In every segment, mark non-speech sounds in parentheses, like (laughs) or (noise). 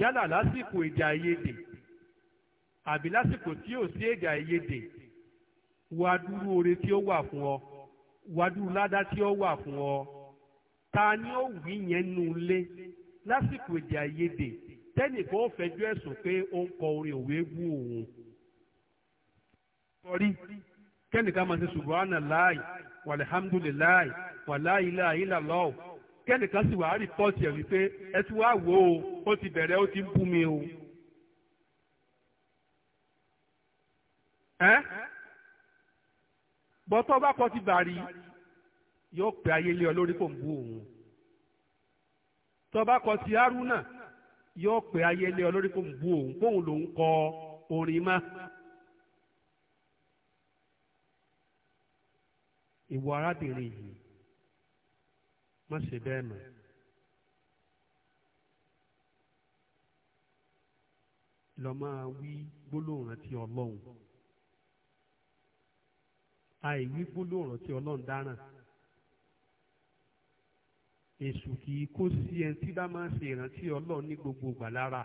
yálà lásìkò èdè àìyedè àbí lásìkò tí ò sí èdè àìyedè wàá dúró oore tí ó wà fún ọ wàá dúró ládá tí ó wà fún ọ ta ni ó wí yẹn nù lé lásìkò èdè àìyedè tẹ́nìkan ó fẹjọ́ ẹ̀sùn pé ó ń kọ orin òwe bú òun. sọrí kẹ́nìkan máa ti subhanallah walhamdulillah wala ilaha illallah kẹ́nìkan sì wàá rìpọ́ọ̀tì ẹ̀ wípé ẹ ti wá wò ó ó ti bẹ̀rẹ̀ ó ti ń bú mi o. ẹ́ bọ́tọ́ bá kọ́ ti bàrí yóò pè ayé lé kò ń bú òun tọba kọ ti haruna yóò pè ayé lé kò ń bú òun kóun lòún kọ orin mọ́. ìwọ arábìnrin yìí má ṣe bẹ́ẹ̀ mọ́. lọ máa wí gbólóhùn rántí ọlọ́run àìwí gbólóhùn rántí ọlọ́run dáràn èṣù kì í kó sí ẹni tí bá máa ń ṣe ìrántí ọlọ́run ní gbogbo ìgbà lára.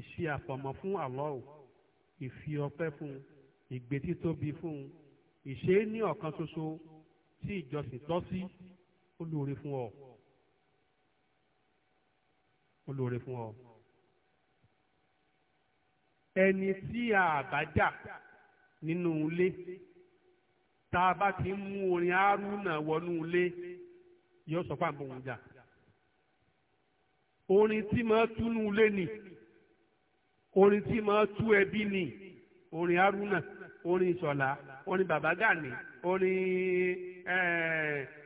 ìṣe àfọ̀mọ́ fún àlọ́ ìfi ọpẹ́ fún un ìgbé títóbi fún un ìṣe ní ọ̀kan ṣoṣo tí ìjọsìn tọ́ sí ó lóore fún ọ ó lóore fún ọ. ẹni tí a bá jà nínú ilé tá a bá ti ń mú orin arúnà wọnú ilé yóò sọ fún àbòhùn jà orin tí máa túnú ilé ni orin tí máa tú ẹbí ni orin arúnà. orin ìṣọ̀lá orin bàbá gàní orin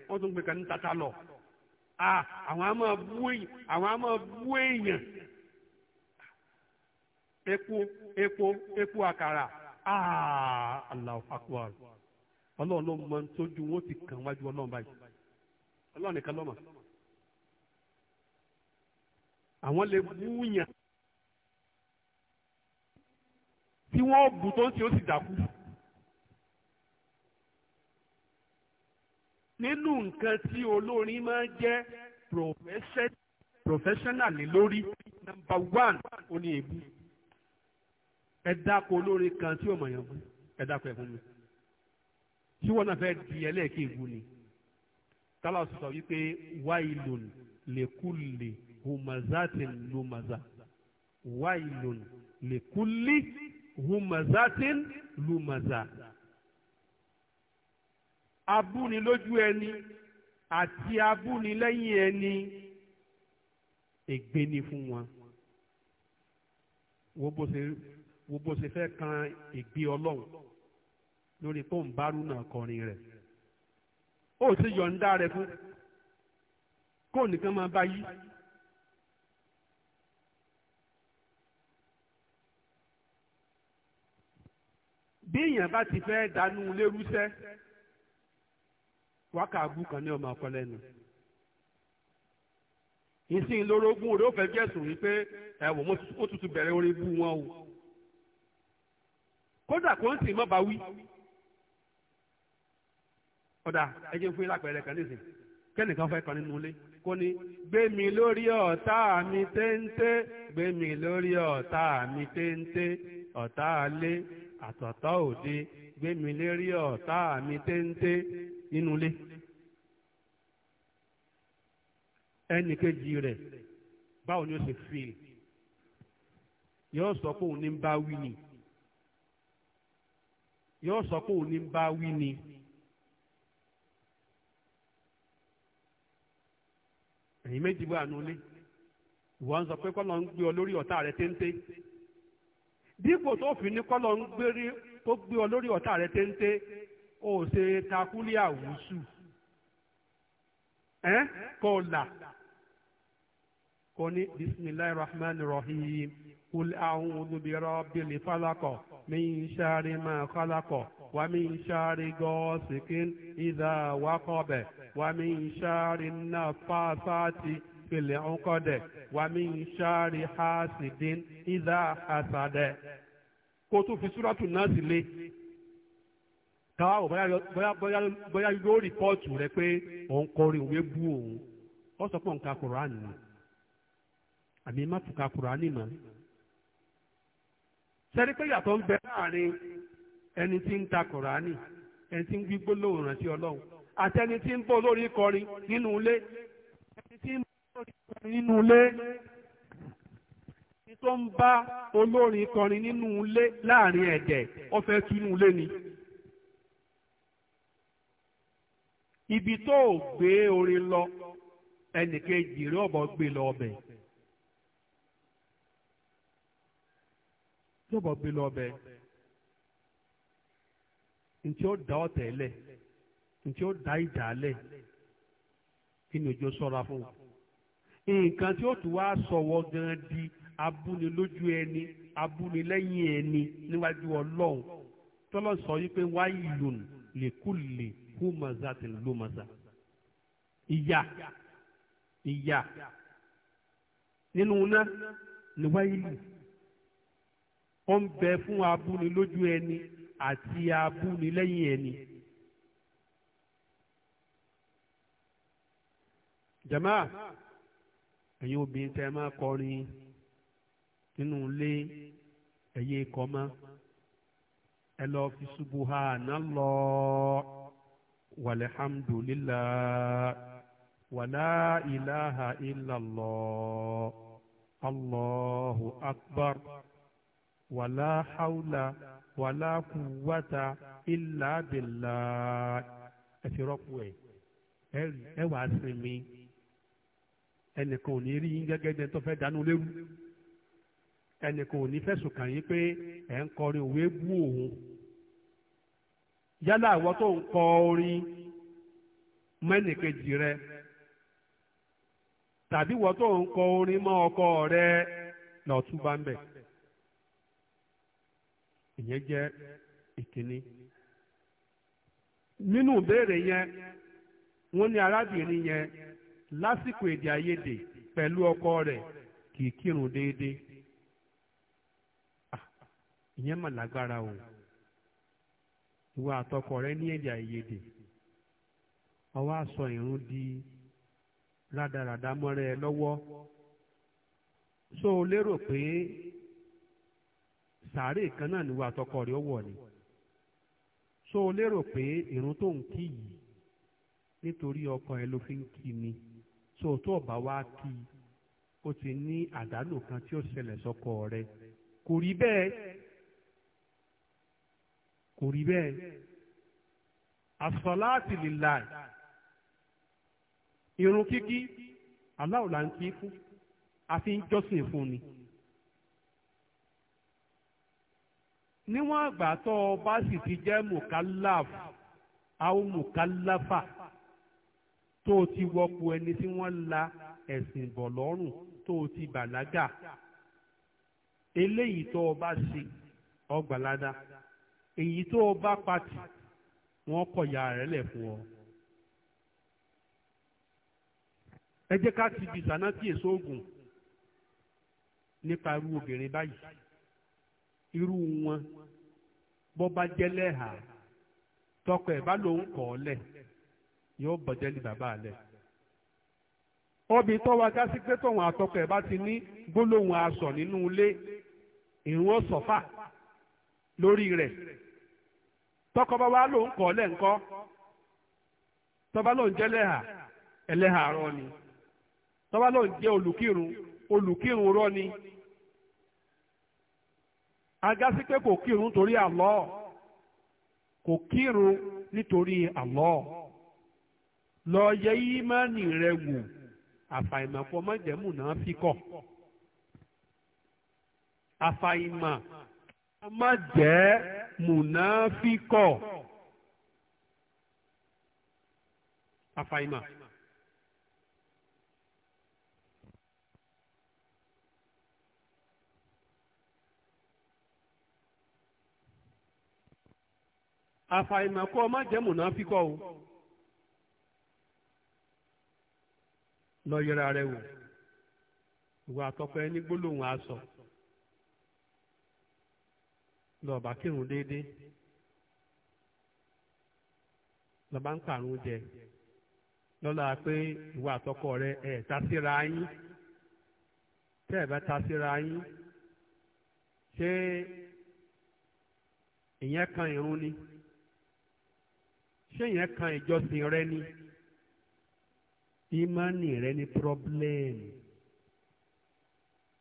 wọ́n tún gbé ní tata lọ àwọn a máa bú èèyàn àwọn a máa bú èèyàn epo epo epo àkàrà Allahu Akbar ọlọ́run ló mọ tójú wọn ti kàn wájú báyìí nìkan àwọn lè bú yàn. tí wọ́n bù tó ń ṣe ó sì dákú. nínú nǹkan tí olórin máa ń jẹ́ professional ní lórí number one ó ní èébú ẹ dákọ̀ olórin kan tí ò mọ̀ yàn fún ẹ dákọ̀ ẹ̀ fún mi tí wọ́n náà fẹ́ di ẹlẹ́ẹ̀kẹ́ ìbú ni tálà sọ wípé wailun lekulli humazatin lumaza wailun lekulli humazatin lumaza abúni lójú ẹni àti abúni lẹ́yìn ẹni ègbé ni fún wọn wo bó ṣe wo bó ṣe fẹ́ kan ègbé ọlọ́run lórí pé òun bá kọrin rẹ̀ ó sì yọ̀ǹda rẹ̀ fún kó nìkan máa bá yí. bí èèyàn bá ti fẹ́ dánú lérúsẹ́ wákà abú kan ní ọmọ ọkọ lẹ́nu ìsìn lórógún òde ó fẹ́ jẹ́sùn wípé ẹ̀wọ̀n ó tutù bẹ̀rẹ̀ orí bú wọn o kódà kó ń sìn mọ́ bá wí ọ̀dà ẹjẹ́ fún yín lápẹ̀rẹ̀ kan nísìn kẹ́nìkan fẹ́ kan nínú ilé kó ní gbé mi lórí ọ̀tá mi téńté gbé mi lórí ọ̀tá mi téńté ọ̀tá alé àtọ̀tọ̀ òde gbémi lérí ọ̀tá mi téńté nínú ilé ẹnì kejì rẹ̀ báwo ni ó ṣe fi yóò sọ pé òun ní ń bá wí ni yóò sọ pé òun ní ń bá wí ni. ẹ̀yin méjì wà nulẹ̀ ìwọ ń sọ pé kọ́ ń gbé ọ lórí ọ̀tá rẹ téńté. dípò tó fi ní kọ́lọ̀ ń gbérí kó gbé ọ lórí ọ̀tá rẹ téńté ó ṣe takúlé àwùsù ẹ kò là kò ní bisimilayi rahman rahim kul a'udhu bi ma khalaq wa min n ghasiqin idha waqab wa min sharri nafasati. fìlẹ̀ ọ̀kọ́dẹ̀ wà mí ṣáàrì hasidin ìdá hasadẹ̀ kó tó fi súrọ́tù náà sí lé káwá ò bóyá yóò rìpọ́ọ̀tù rẹ pé òun kọrin òwe bú òun ó sọ pé òun ka kùránì ni àmì má tún ka kùránì mọ́ sẹ́ni pé yàtọ̀ ń bẹ láàrin ẹni tí ń ta kùránì ẹni tí ń gbígbó lóòrùn àti ọlọ́run àtẹni tí ń bọ́ lórí kọrin nínú ilé ẹni tí ń olórin nínú ilé ní tó ń bá olórin kọrin nínú ilé láàrin ẹ̀dẹ̀ ó fẹ́ tú inú ilé ni. ibi tó o gbé orin lọ ẹnìkejì rẹ ọ̀bọ̀ gbé lọ ọbẹ̀. yọ̀bọ̀ gbé lọ ọbẹ̀ ntí ó da ọ̀tẹ̀ lẹ̀ ntí ó da ìjà lẹ̀ kí ni òjò ṣọ́ra fún un nǹkan tí ó tún wá sọ̀wọ́ gan di abúni lójú ẹni abúni lẹ́yìn ẹni níwájú ọlọ́run tọ́lọ́ sọ yìí pé wáyé lòun lè kú lè kú ìyá ìyá nínú iná ni wáyé lù ó ń bẹ fún abúni lójú ẹni àti abúni lẹ́yìn ẹni. jama ẹ̀yin obìnrin tẹ́ máa kọrin nínú ilé ẹ̀yẹ ikọ̀ mọ́ ẹ lọ fi subhanallah walhamdulillah wala ilaha illallah allahu akbar wala hawla wala quwwata illa ẹ fi rọ́pò ẹ̀ ẹ wàá sinmi. ẹnìkan ò ní rí yín gẹ́gẹ́ bí ẹni tó fẹ́ dánú léwu ẹnìkan ò ní yín pé ẹ̀ ń kọrin òwe tó ń orin mẹ́nìkejì rẹ tàbí wọ́n tó ń orin mọ́ ọkọ rẹ lọ́tún ń bẹ̀ ìyẹn jẹ́ ìkíní nínú ìbéèrè yẹn wọ́n ní arábìnrin lásìkò èdè ayede pẹ̀lú ọkọ rẹ̀ kì í kírun déédéé ah, ìyẹn mà lágbára o ìwà àtọkọ rẹ ní èdè sọ di rádaràdá mọ́ra ẹ lọ́wọ́ so lérò pé sàárè kan náà níwà àtọkọ rẹ ọkọ ẹ ló fi so tó ọba wa kí ó ti ní àdálò kan tí ó ṣẹlẹ̀ sọ́kọ rẹ̀ kò rí bẹ́ẹ̀ kò rí bẹ́ẹ̀ asọ́láàtì lílà irun kíkí aláwòlá ń kí fún a ń jọ́sìn fún ni. níwọ̀n àgbà tó o bá sì ti jẹ́ mùkálàf àwọn mùkálàfà. tó o ti wọpo ẹni tí wọ́n la ẹ̀sìn bọ̀ lọ́rùn tó o ti bàlágà eléyìí tó o bá ṣe ọgbàládá èyí tó o bá pati wọ́n kọ̀yà rẹ̀ lẹ̀ fún ọ. ẹ jẹ́ ká ti bìsà náà tí èso oògùn nípa irú obìnrin báyìí irú wọn bọ́ bá jẹ́ lẹ́hàá tọkọ ẹ̀ bá lòun kọ̀ ọ́ lẹ̀. yóò bọ̀jẹ́ ní bàbá alẹ̀ obìnrin tó wá gá sí pé tóun àtọkọ ẹ̀ bá ti ní gbólóhùn aṣọ nínú ilé ìrún ọ̀sọ̀fà lórí rẹ̀ tọkọ bá wá lòun kọ́ lẹ́ǹkọ́ tọba lòun jẹ́ lẹ́hà ẹlẹ́hà rọ ni tọba lòun jẹ́ olùkírun olùkírun rọ ni agasi pé kò kírun torí Allah kò kírun nítorí Allah. lọ yẹ ímánì rẹ wò kọ mọ́jẹ̀mú náà fi kọ̀ àfàìmọ̀ mọ́jẹ̀ mùnáfíkọ̀ o lọ yẹra rẹ wò ìwà àtọkọ ẹni gbólóhùn aṣọ lọba kírun déédéé lọba ń kàrún jẹ lọ́la pé ìwà àtọkọ rẹ ẹ̀ ta síra yín tẹ́ ẹ̀ bá ta síra yín ṣé ìyẹn kan ìrun ni ṣé ìyẹn kan ìjọsìn rẹ ni. ìmánì rẹ ní pírọ́blẹ́ẹ̀mù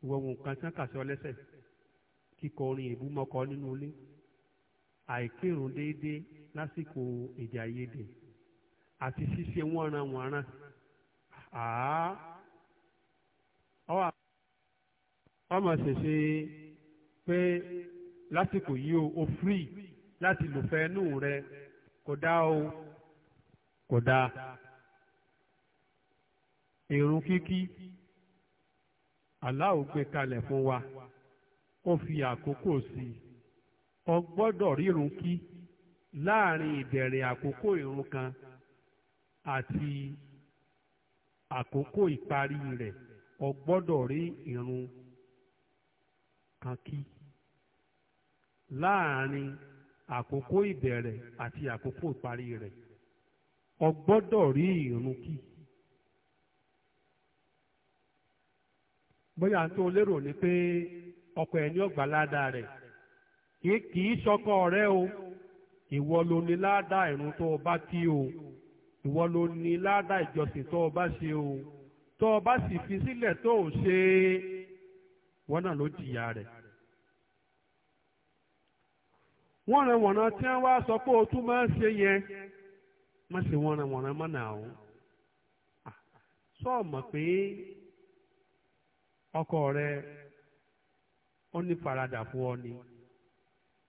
ìwọ ohun kan tí wọ́n kà sí ọ lẹ́sẹ̀ kíkọ orin ìbú mọ́kọ nínú ilé àìkírun déédéé lásìkò èdè àìyedè àti ṣíṣe wọ́nranwọ̀nran àá ọmọ ṣèṣe pé lásìkò yìí o o free láti lò fẹ́ nù rẹ kò dá o kò dá èrún kíkí aláwo gbé kalẹ̀ fún wa ó fi àkókò sí i ọ gbọ́dọ̀ rírun kí láàrin ìbẹ̀rẹ̀ àkókò ìrun kan àti àkókò ìparí rẹ̀ ọ gbọ́dọ̀ rí ìrun kan kí láàrin àkókò ìbẹ̀rẹ̀ àti àkókò ìparí rẹ̀ ọ gbọ́dọ̀ rí ìrun kí. bóyá tó lérò ni pé ọkọ ẹni ọgbà ládàá rẹ̀ kì í sọkọ ọrẹ o ìwọ ló ní ládàá tó o bá tí o ìwọ ló ní ládàá ìjọsìn tó o bá ṣe o tó o bá sì fi sílẹ̀ tó o ṣe wọn náà ló jìyà tí wọn wá sọ pé o tún ṣe yẹn má ṣe o sọ pé ọkọ rẹ ní fún ọ ni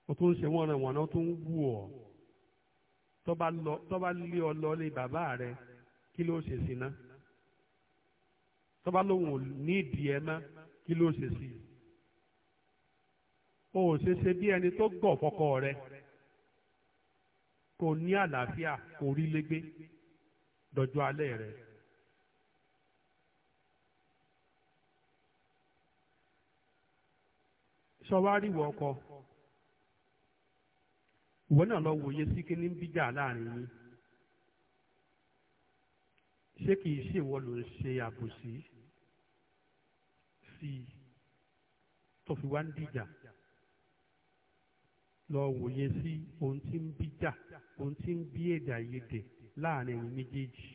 ó tún ṣe wọn ràn náà tún tó lé ọ lọ lé bàbá rẹ kí ló ṣe sí náà tọba lóhùn ní ẹ kí ló ṣe sí o ò ṣe ṣe bí ẹni tó gọ fọkọ rẹ kò ní àlàáfíà kò rí sọ wá rí ìwọ ọkọ ìwọ náà lọ wòye sí kí ní ń bíjà láàrin yín ṣé kìí ṣe ìwọ ló ń ṣe àbòsí sí i tó fi wá ń dìjà lọ wòye sí ohun tí ń bíjà ohun tí ń bí èdè àìyedè láàrin ẹ̀yin méjèèjì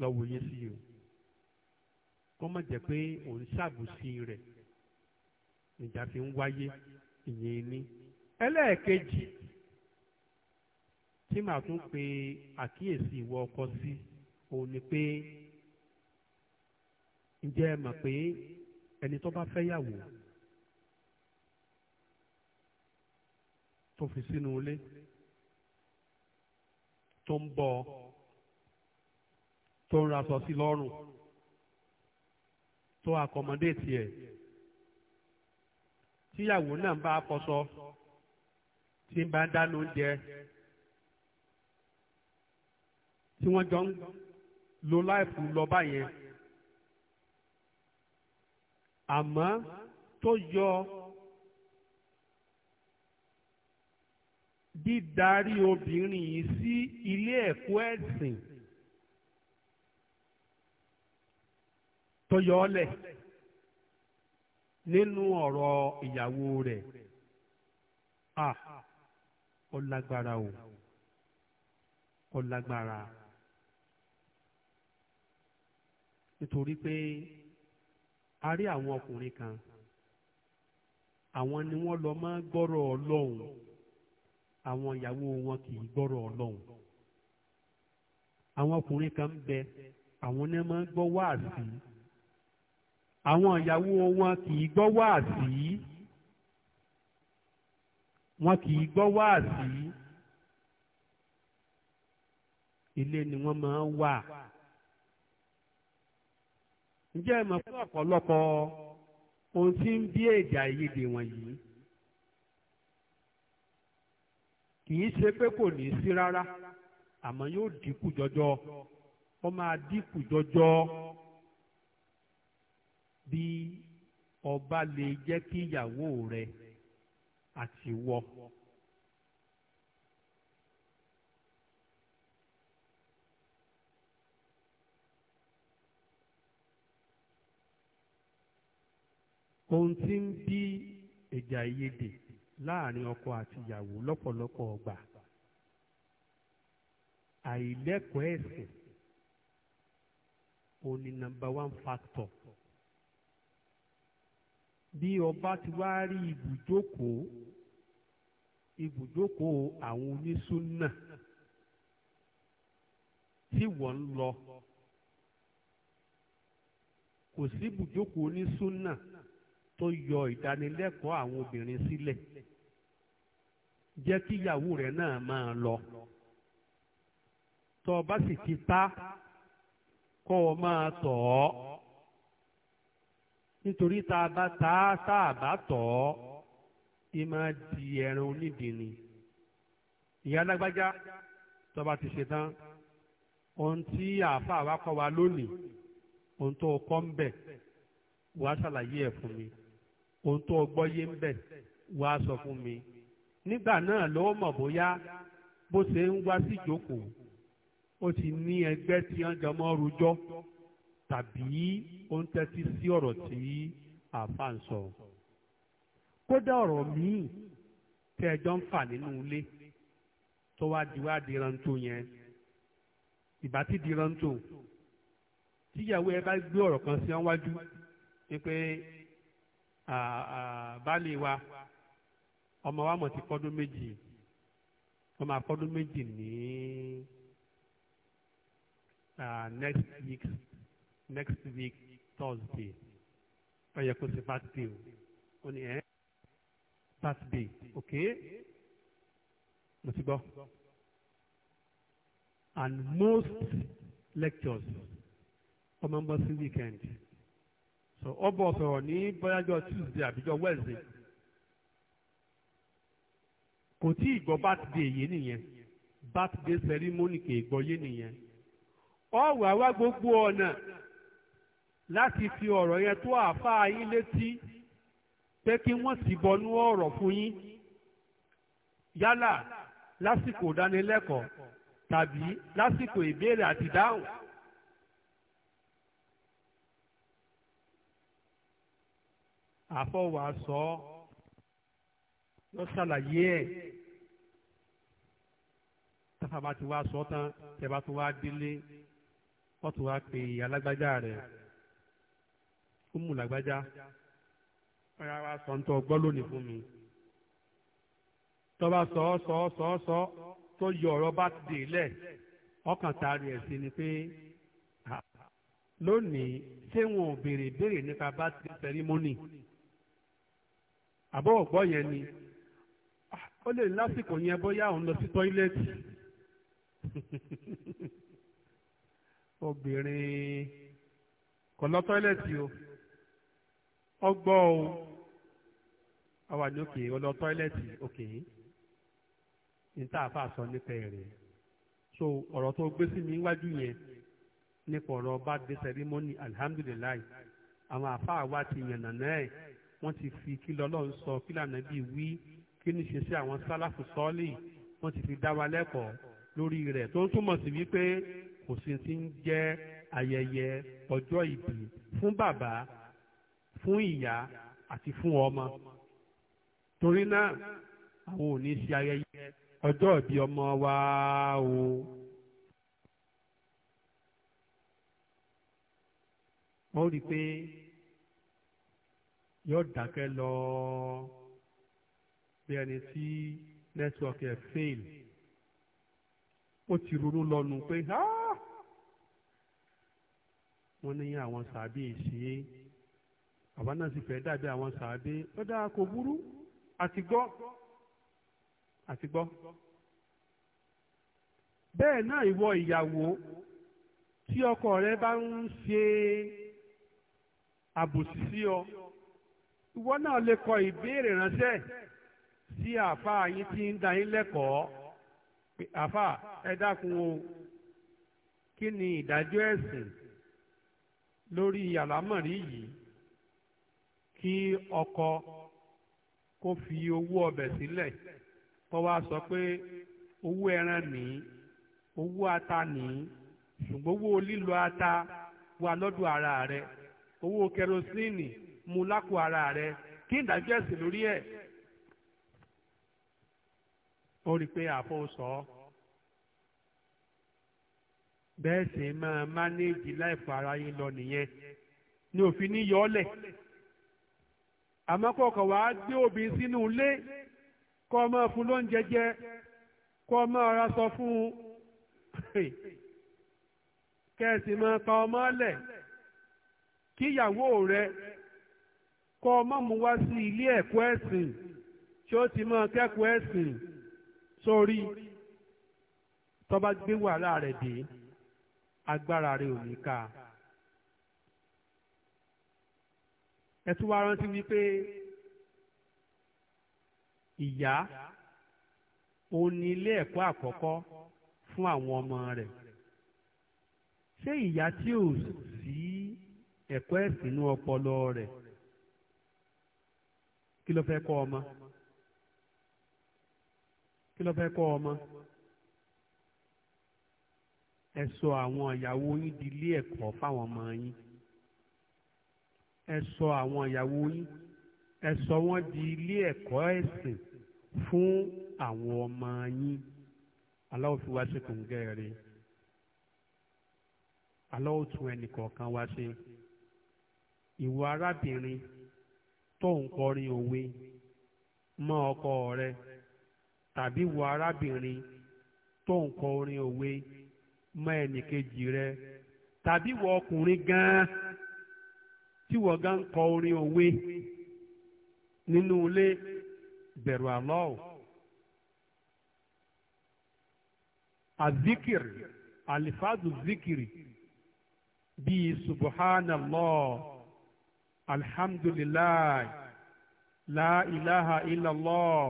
lọ wòye sí i o kó má jẹ́ pé òun ṣàbòsí rẹ̀ ìjà fi ń wáyé ìyẹn ní. ẹlẹ́ẹ̀kejì tí màá tún pe àkíyèsí ìwọ ọkọ sí òun ni pé ǹjẹ́ ẹ mọ̀ pé ẹni tó bá fẹ́ yàwó tó fi sínú ilé tó ń bọ́ tó ń raṣọ sí lọ́rùn tó akọmọdé tiẹ̀ tíyàwó náà bá fọṣọ tí ń bá dáná oúnjẹ tí wọ́n jọ ń lo láìpù lọ báyẹn àmọ́ tó yọ dídarí obìnrin yìí sí ilé ẹ̀kọ́ ẹ̀sìn tó yọ ọ́ lẹ̀ nínú ọ̀rọ̀ ìyàwó rẹ̀ à ó lágbára o ó lágbára nítorí pé a rí àwọn ọkùnrin kan àwọn ni wọ́n lọ máa gbọ́rọ̀ ọlọ́run àwọn ìyàwó wọn kì í gbọ́rọ̀ ọlọ́run àwọn ọkùnrin kan ń bẹ àwọn ni wọ́n máa gbọ́ wáàsí. àwọn ìyàwó wọn kì í gbọ́ wà wọn í ilé ni wọ́n máa ń wà. ǹjẹ́ ẹ mọ̀ fún ọ̀pọ̀lọpọ̀ ohun tí ń bí èdè àìyedè wọ̀nyí kì í ṣe pé kò ní í sí rárá àmọ́ yóò dínkù jọjọ ó máa dínkù jọjọ. bí ọba lè jẹ́ kí ìyàwó rẹ àti wọ. ohun tí ń bí èdè àìyedè láàrin ọkọ àti ìyàwó lọ́pọ̀lọpọ̀ ọgbà àìlẹ́kọ̀ọ́ ẹ̀sìn òní nàmbà one factor bí ọba ti wá rí ibùjókòó ibùjókòó àwọn onísúnà tí wọ́n ń lọ kò sí ibùjókòó onísúnà tó yọ ìdánilẹ́kọ̀ọ́ àwọn obìnrin sílẹ̀ jẹ́ kí ìyàwó rẹ̀ náà máa lọ tó o bá sì ti ta kó o máa tọ̀ ọ́ nítorí tá a bá ta a tá a bá tọ̀ ọ́ ẹ máa di ẹran onídìí ni ìyá alágbájá tọba ti ṣe tán ohun tí àáfàá wa kọ́ wa lónìí ohun tó kọ́ ń bẹ̀ wàá ṣàlàyé ẹ̀ fún mi ohun tó gbọ́ yé ń bẹ̀ wàá sọ fún mi nígbà náà ló mọ̀ bóyá bó ṣe ń wá sí ìjókòó ó ti ní ẹgbẹ́ tí wọ́n jọ mọ́ rojọ́ tàbí ó ń tẹ́tí sí ọ̀rọ̀ tí àáfà ń sọ. kódà ọ̀rọ̀ míì tẹ́ ẹjọ́ ń fà nínú ilé tó wá di wá di rántó yẹn ìbá ti di rántó tíyàwó ẹ bá gbé ọ̀rọ̀ kan sí wájú ni pé baálé wa ọmọ wa mọ̀ ti fọ́dún méjì ọmọ afọ́dún méjì ní next week next week thursday ó yẹ kó ṣe birthday o ó ní ẹ birthday and most lectures ó máa ń weekend so ó bọ̀ sọ̀rọ̀ ní tuesday àbíjọ́ wednesday kò tí ì gbọ́ birthday yé nìyẹn day ceremony kì í gbọ́ yé nìyẹn ó wá wá gbogbo ọ̀nà láti fi ọ̀rọ̀ yẹn tó àáfàá yín létí pé kí wọ́n sì bọnú ọ̀rọ̀ fún yín yálà lásìkò ìdánilẹ́kọ̀ọ́ tàbí lásìkò ìbéèrè àti dáhùn. àfọwà sọ ọ yóò ṣàlàyé ẹ tàfà bá ti wá sọ tán tẹ bá ti wá délé wọn tún wá pe alágbájá rẹ umu làgbájá ọ̀rẹ́ wa sọ ń tọ́ gbọ́ lónìí fún mi tọ́ba sọ ọ́ sọ ọ́ sọ ọ́ sọ tó yọ ọ̀rọ̀ bá ti dè ọkàn taari ẹ̀ sí ni pé lónìí ṣé wọn ò béèrè béèrè nípa bá ti àbọ̀ ọ̀gbọ́ yẹn ni ó lè lásìkò yẹn bóyá òun lọ sí tọ́ílẹ̀tì (laughs) obìnrin kò lọ tọ́ílẹ̀tì o ọgbọ́ o àwa ní òkè ọlọ tọ́ílẹ̀tì òkè níta àfa nípa ẹ̀rẹ̀ so ọ̀rọ̀ tó gbé sí mi wájú yẹn nípa ọ̀rọ̀ birthday ceremony alhamdulilayi àwọn àfa wa ti yànnà náà wọ́n ti fi kí lọ́lọ́run sọ kí lànà bíi wí kí ni ṣe sí àwọn sálàfù sọ́ọ̀lì wọ́n ti fi dá wa lẹ́kọ̀ọ́ lórí rẹ̀ tó ń túmọ̀ sí wípé kò sí ti ń jẹ́ ayẹyẹ ọjọ́ ìbí fún bàbá fún ìyá àti fún ọmọ torí náà àwọn ò ní ṣe ayẹyẹ ọjọ́ ìbí ọmọ wa o. wọ́n rí i pé yóò dákẹ́ lọ bí ẹni tí nẹ́tíwọ́ọ̀kì ẹ̀ fail ó ti ronú lọ́nu pé wọ́n ní àwọn sàbí ìṣe é àwa náà sì fẹ́ dàbí àwọn sàádé ó dáa kò burú àti gbọ́ àti gbọ́. bẹ́ẹ̀ náà ìwọ ìyàwó tí ọkọ rẹ bá ń ṣe àbòsí sí ọ ìwọ náà lè kọ ìbéèrè ránṣẹ́ sí àáfàá yín tí ń da yín lẹ́kọ̀ọ́ àáfàá ẹ dákun o kí ni ìdájọ́ ẹ̀sìn lórí àlámọ̀rí yìí kí ọkọ kó fi owó ọbẹ sílẹ̀ kó wá sọ pé owó ẹran nìí owó ata nìí ṣùgbọ́n owó lílo ata wà lọ́dọ̀ ara rẹ owó kẹrosíìnì mu lápò ara rẹ kí ìdájọ́ ẹ̀sìn lórí ẹ̀ ó rí i pé sọ bẹ́ẹ̀ sì máa mánéèjì láìfọ ara yín lọ nìyẹn ni òfin ní yọ ọ́ lẹ̀. àmọ́ kọ̀ọ̀kan wàá gbé obìnrin sínú ilé kọ́ ọ máa fún lóúnjẹ jẹ kọ́ ọ máa ra sọ fún un kẹ́sì máa ka ọmọ lẹ̀ kíyàwó rẹ kọ́ ọmọ mú wá sí ilé ẹ̀kọ́ ẹ̀sìn tí ó ti máa kẹ́kọ̀ọ́ ẹ̀sìn sórí tọ́ba gbé wàhálà rẹ̀ dé agbára rẹ̀ ò ní ká ẹ tún wá rántí wípé ìyá òun ni ilé ẹ̀kọ́ àkọ́kọ́ fún àwọn ọmọ rẹ̀ ṣé ìyá tí ò sí ẹ̀kọ́ ẹ̀sìn inú ọpọlọ rẹ̀ kí ló fẹ́ kọ́ ọmọ kí ló fẹ́ kọ́ ọmọ ẹ sọ àwọn ìyàwó yín di ilé ẹ̀kọ́ fáwọn ọmọ yín ẹ sọ àwọn ìyàwó yín ẹ sọ wọ́n di ilé ẹ̀kọ́ ẹ̀sìn fún àwọn ọmọ yín aláwọ̀ fi wá sí kòǹgẹ́ rẹ̀ aláwọ̀ tún ẹnì kọ̀ọ̀kan wá sí ìwọ arábìnrin tó ń kọrin òwe mọ́ ọkọ rẹ tàbí ìwọ arábìnrin tó ń kọ òwe mọ́ ẹnì kejì rẹ tàbí ìwọ ọkùnrin gan tí wọ́n gá ń kọ orin òwe nínú ilé bẹ̀rù Allah azikiri alifadu zikiri bíi subhanallah alhamdulilayi la ilaha illallah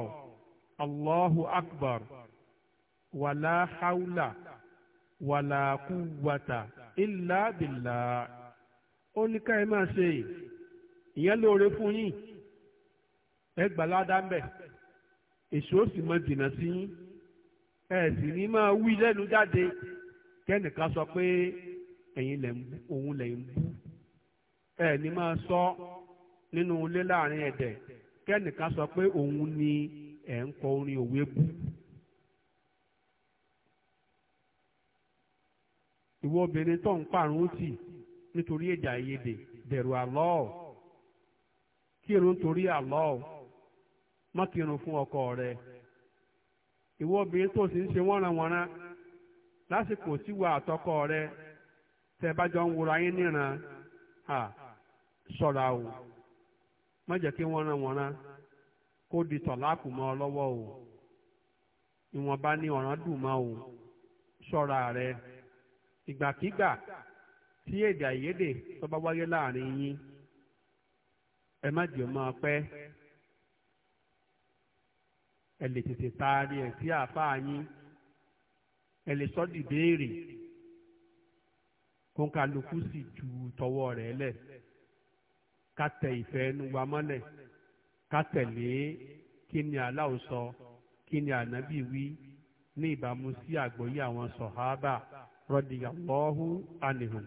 allahu akbar wàlá haula wàlá kúwàtà illa billah ó ní ká ẹ máa ṣe ìyẹn lóore fún yín ẹ gbà ládàá ń bẹ èso sì máa dìnà sí yín ẹ sì ní máa wí lẹ́nu jáde kẹ́nìkan sọ pé ẹ̀yin lẹ̀ ń bú òun lẹ̀ ń bú ẹ ní máa sọ nínú ilé láàrin ẹ̀dẹ̀ kẹ́nìkan sọ pé òun ni ẹ̀ ń kọ orin òwe bú. ìwọ obìnrin tó ń parun tì nítorí èdè àìyedè bẹ̀rù Allah kírun torí Allah má kírun fún ọkọ rẹ ìwọ obìnrin tó sì ń ṣe wọ́nranwọ́nra lásìkò tíwà àtọkọ rẹ tẹ bá jọ ń wura yín níran ṣọ́ra o má jẹ́ kí wọ́nranwọ́nra kó di tọ̀láàkù mọ́ ọ lọ́wọ́ o ìwọ̀nba ni ọ̀ràn dùn mọ́ o ṣọ́ra rẹ ìgbàkígbà tí èdè àìyedè tó bá wáyé láàrin yín ẹ má jẹ́ máa pẹ́ ẹ lè tètè taari ẹ̀ sí àáfàá yín ẹ lè sọ́ di béèrè kó ń kálukú sì ju tọwọ́ rẹ̀ lẹ̀ ká tẹ ìfẹ́ ẹnu wa mọ́lẹ̀ ká tẹ̀lé kí ni aláwo sọ kí ni ànábì wí ní ìbámu sí àgbọ́yé àwọn sọ̀hábà radiyallahu anhum.